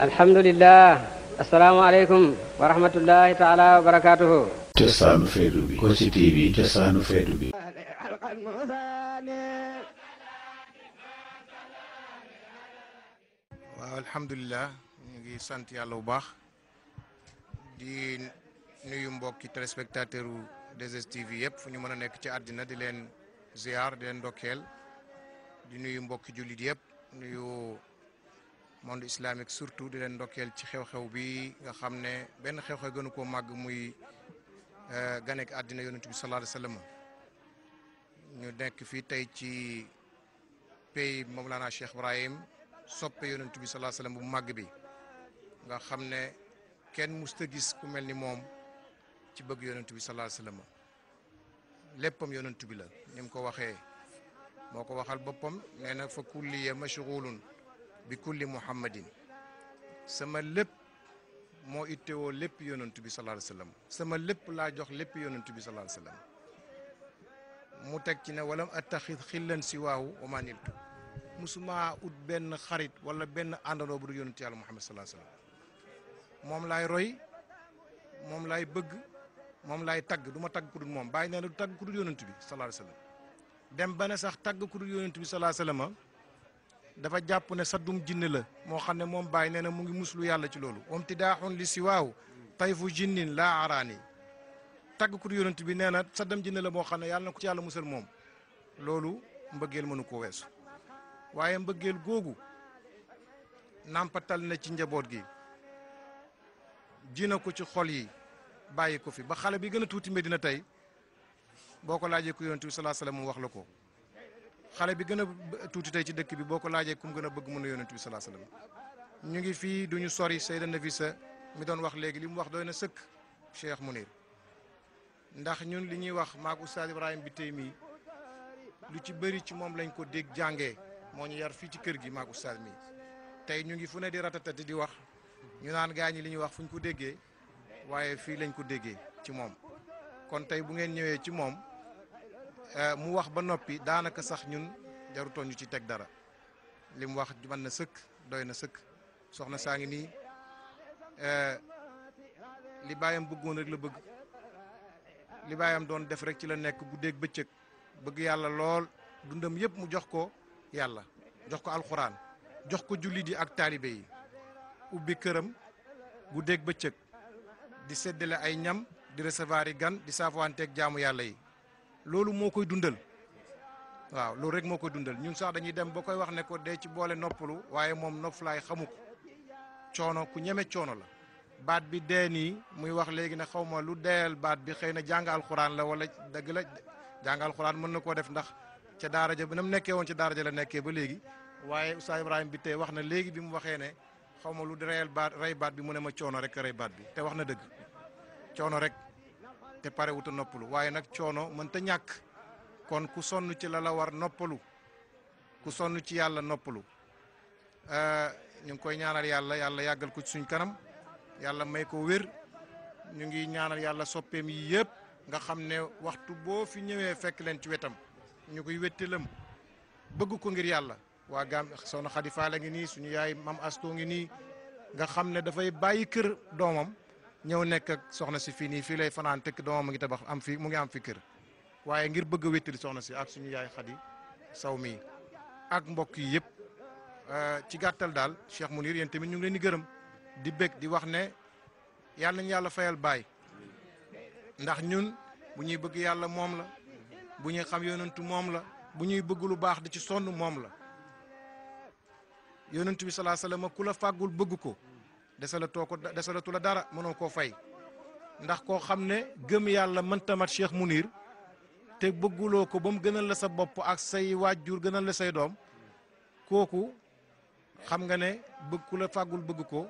alhamdulillah asalaamaaleykum wa rahmatullahi taala wa barakaatuhu cosaanu feetu bi Kossy TV cosaanu feetu bi waaw alhamdulilah ñu ngi sant yàlla bu baax di nuyu mbokki téléspectateur u 2STV yëpp fu ñu mën a nekk ci àddina di leen ziar di leen di nuyu mbokki jullit yëpp monde islamique surtout di len ndokkeel ci xew-xew bi nga xamne ben xew-xew gënu ko mag muy euh ganek adina yonent bi sallallahu alayhi wasallam ñu nek fi tay ci pay Mawlana Cheikh Ibrahim soppe yonent bi sallallahu alayhi wasallam bu mag bi nga xamne kenn musta gis ku melni mom ci bëgg yonent bi sallallahu alayhi wasallam léppam yonent bi la nim ko waxe moko waxal bopam neena fa kulli mashghulun بكل محمد سما لب مو إتو لب يونن تبي صلى الله عليه وسلم سما لب لا جوخ لب يونن تبي صلى الله عليه وسلم متكنا ولم أتخذ خلا سواه وما نلت مسما أود بن خريط ولا بن أندرو برو يونن تيال محمد صلى الله عليه وسلم موم لاي روي موم لاي بغ موم لاي تاغ دوما تاغ كودون موم باينا لو تاغ كودون يونن تبي صلى الله عليه وسلم دم بنا سخ تاغ كودون يونن تبي صلى الله عليه وسلم dafa jàpp ne saddum jinne la moo xam ne moom bàyyi nee na mu ngi musulu yàlla ci loolu om ti wamtidaaxun li siwaahu tayfu jinnin laa araani tàgg ku yonent bi nee na saddam jinne la moo xam ne yàlla na ko ci yàlla musal moom loolu mbëggeel mënu koo weesu waaye mbëggeel googu nampatal na ci njaboot gi jina ko ci xol yi bàyyi ko fi ba xale bi gën a tuuti Medina tey boo ko laajee ku yonent bi salaa salaam mu wax la ko xale bi gën a tuuti tey ci dëkk bi boo ko laajee ku gën a bëgg mën a yonent bi salaa salaam ñu ngi fii duñu sori Seyda sa mi doon wax léegi li mu wax doy na sëkk Cheikh Mounir ndax ñun li ñuy wax maak Oustaz Ibrahima bi tey mii lu ci bëri ci moom lañ ko dégg jàngee moo ñu yar fii ci kër gi maak Oustaz mii tey ñu ngi fu ne di ratatati di wax ñu naan gaa ñi li ñuy wax fu ñu ko déggee waaye fii lañ ko déggee ci moom kon tey bu ngeen ñëwee ci moom Eh, mu wax ba noppi daanaka sax ñun jarutoon ñu ci teg dara li mu wax mën na sëkk doy na sëkk soxna saa ngi nii eh, li baayam bëggoon rek la bëgg li baayam doon def rek ci la nekk guddeeg bëccëg bëgg yàlla lool dundam yëpp mu jox ko yàlla jox ko alxuraan jox ko jullit yi ak taalibe yi ubbi këram guddeeg bëccëg di séddale ay ñam di recevoir yi gan di saafawanteeg jaamu yàlla yi loolu moo koy dundal waaw loolu rek moo koy dundal ñun sax dañuy dem ba koy wax ne ko dee ci boole noppalu waaye moom noppalaay xamu ko coono ku ñeme coono la baat bi dee nii muy wax léegi ne xaw ma lu deyal baat bi xëy na jàng alxuraan la wala dëgg la jàng mën na koo def ndax ca daara bi na mu nekkee woon ca daara la nekkee ba léegi waaye Oustaz Ibrahima bi tey wax na léegi bi mu waxee ne xaw ma lu reyal baat rey baat bi mu ne ma coono rek rey baat bi te wax na dëgg coono rek. te pare wut a noppalu waaye nag coono mënta ñàkk kon ku sonn ci la la war noppalu ku sonn ci yàlla noppalu eh, ñu ngi koy ñaanal yàlla yàlla yàggal ko ci suñ kanam yàlla may ko wér ñu ngi ñaanal yàlla soppeem yi yëpp nga xam ne waxtu boo fi ñëwee fekk leen ci wetam ñu koy wettilam bëgg ko ngir yàlla waa gaam soxna Xadi Faal la ngi nii suñu yaay mam astoo ngi nii nga xam ne dafay bàyyi kër doomam ñew nek ak soxna ci fini fi lay fanan tek doomam mu ngi tabax am fi mu ngi am fi keur waye ngir bëgg wétti soxna si ak suñu yaay xadi sawmi ak mbokk yi yëpp euh, ci gattal dal Cheikh Mounir yeen tamit ñu ngi leen di gëreum di wakne, di wax ne yalla nañu yalla fayal bay ndax ñun bu ñuy bëgg yalla mom la bu ñuy xam yonentu mom la bu ñuy bëgg lu baax di ci sonu mom la yonentu bi sallallahu alayhi wasallam kula fagul bëgg ko desalatoo ko desalatu la dara mënoo koo fay ndax koo xam ne gëm yàlla mënta mat Cheikh Munir te bëgguloo ko ba mu gënal la sa bopp ak say waajur gënal la say doom kooku xam nga ne bëgg ku la fàggul bëgg ko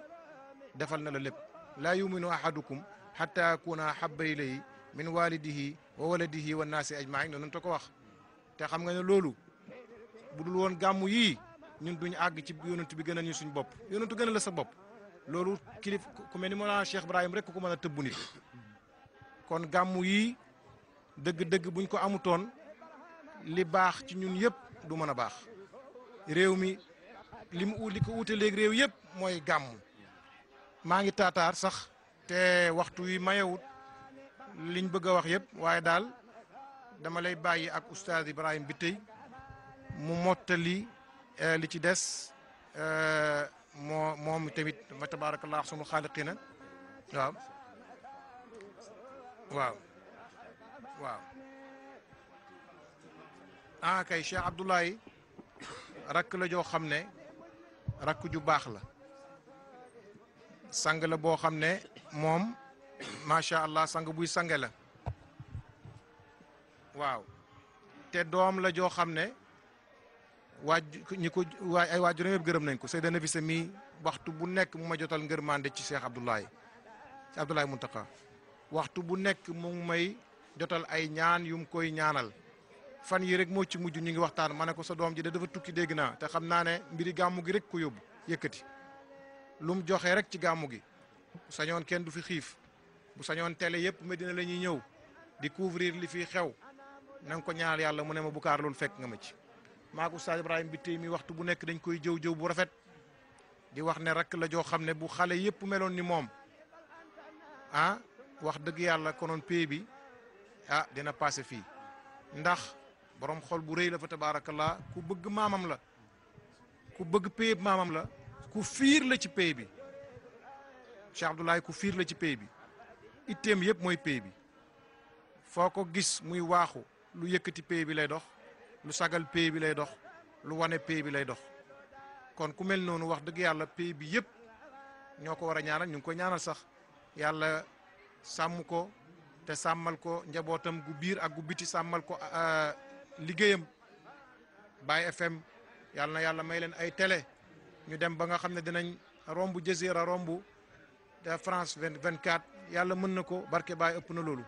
defal na la lépp laa yuminu ahadukum xatta yakuna habba ilay min walidihi wa waladihi wa naasi ajmain noonu te ko wax te xam nga ne loolu bu dul woon gàmm yii ñun duñ àgg ci yonent bi gënal ñu suñ bopp la sa bopp loolu kilif ku mel ni Mawlana Cheikh Ibrahim rek ku mën a tëbbu nit kon gàmmu yi dëgg-dëgg buñ ko amutoon li baax ci ñun yëpp du mën a baax réew mi li mu li ko uute léegi réew yëpp mooy gàmmu maa ngi taataar sax te waxtu wi mayewut liñ bëgg a wax yëpp waaye daal dama lay bàyyi ak oustaz Ibrahim bi tey mu mottali eh, li ci des eh, moo moom tamit wa tabaarakallah sumul xaaliqiina waaw waaw waaw ah kay Cheikh Abdoulaye rakk la joo xam ne rakk ju baax la sang la boo xam ne moom macha allah sang buy sange la waaw te doom la joo xam ne. Waj ñi ko waay ay waajuram yëpp gërëm nañ ko Seyda Nafisa mi waxtu bu nekk mu ma jotal ngërmande ci Cheikh Abdoulaye ci Muntaka waxtu bu nekk mu may jotal ay ñaan yu mu koy ñaanal fan yi rek moo ci mujj ñu ngi waxtaan ma ne ko sa doom ji de dafa tukki dégg naa te xam ne mbiri gàmmu gi rek ko yóbbu yëkkati lu joxe rek ci gàmmu gi bu sañoon kenn du fi xiif bu sañoon télé yëpp Medina la ñuy di couvrir li fi xew nang nga ko ñaanal yàlla mu ne ma bu kaar loolu fekk nga ma ci maaku oustaz Ibrahima bi tey mi waxtu bu nekk dañ koy jëw jëw bu rafet di wax ne rakk la joo xam ne bu xale yëpp meloon ni moom ah wax dëgg yàlla konoon pay bi ah dina passé fii ndax boroom xol bu rëy la fa tabaarakallaa ku bëgg maamam la ku bëgg pay maamam la ku fiir la ci pay bi Cheikh Abdoulaye ku fiir la ci pay bi itteem yëpp mooy pay bi foo ko gis muy waaxu lu yëkkati pay bi lay dox lu sagal pays bi lay dox lu wane pays bi lay dox kon ku mel noonu wax dëgg yàlla pays bi yëpp ñoo ko war a ñaanal ñu ngi ko ñaanal sax yàlla sàmm ko te sàmmal ko njabootam gu biir ak gu biti sàmmal ko euh, liggéeyam Baye FM yàlla na yàlla may leen ay tele ñu dem ba nga xam ne dinañ romb a romb de France vingt quatre yàlla mën na ko barke Baye ëpp na loolu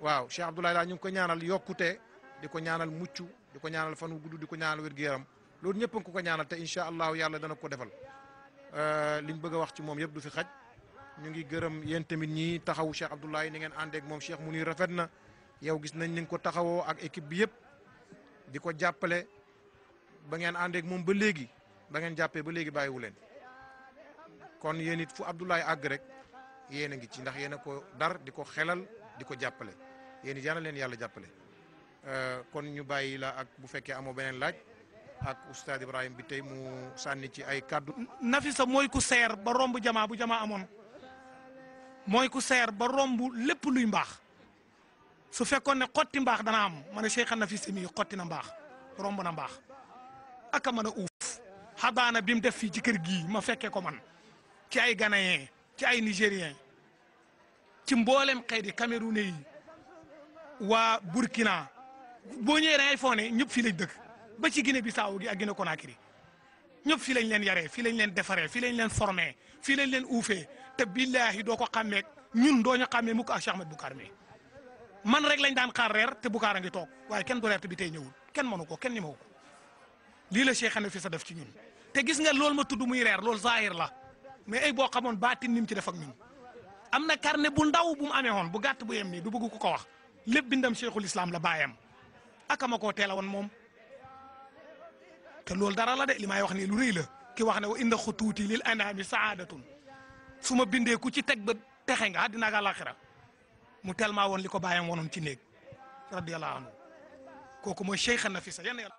waaw Cheikh Abdoulaye laa ñu ko ñaanal yokkute diko ñaanal muccu diko ñaanal fanu gudd diko ñaanal wër gu yaram loolu ñepp ko ko ñaanal te insha allah yalla dana ko defal euh, liñ bëgg wax ci mom yëpp du fi xaj ñu ngi gërëm yeen tamit ñi taxaw Cheikh abdullah ni ngeen ak mom Cheikh rafetna yow gis nañ ni ko taxawo ak équipe bi yëpp diko jappalé ba ngeen ak mom ba légui ba ngeen jappé ba légui bayiwu len kon yeen nit fu abdullah ag rek yeen ci ndax yeen ko dar diko ko xelal di ko jàppale yéen it yal Euh, kon ñu bàyyi la ak bu fekkee amoo beneen laaj ak oustad Ibrahima bi tey mu sànni ci ay kaddu. Nafisa mooy ku seer ba romb jamaa bu jamaa amoon mooy ku seer ba romb lépp luy mbaax su fekkoon ne xotti mbaax dana am ma ne Cheikh Nafisa mii xotti na mbaax romb na mbaax aka mën a uuf xabaana bi mu def fii ci kër gii ma fekkee ko man ci ay Ghanéen ci ay Nigérien ci mboolem xeeti Camerounais yi waa Burkina. boo ñëwee da ngay foog ne ñëpp fii lañ dëkk ba ci Guinée Bissau gi ak Guinée Conakry ñëpp fii lañ leen yaree fii lañ leen defaree fii lañ leen formé fii lañ leen uufee te billaahi doo ko xàmmee ñun doo ñu xàmmee mukk ak Cheikh Ahmed Boucar mi man rek lañ daan xaar reer te Boucar a ngi toog waaye kenn du reer te bi tey ñëwul kenn mënu ko kenn ñi ma ko lii la Cheikh Ahmed fi sa def ci ñun te gis nga loolu ma tudd muy reer loolu zahir la mais ay boo xamoon baatin ni mu ci def ak ñun am na carnet ndaw bu mu amee woon bu gàtt bu yem du bëgg ko ko wax lépp bindam cheikhul islam la baayam aka ma koo teel a te lol dara la de limay wax ni lu reey la ki wax ne inna khututi lil anami saadatun suma binde ku ci tek ba texe nga dina ga lakhira mu telma won liko bayam wonon ci néeg radiyallahu anhu koku mo sheikh Nafisa yan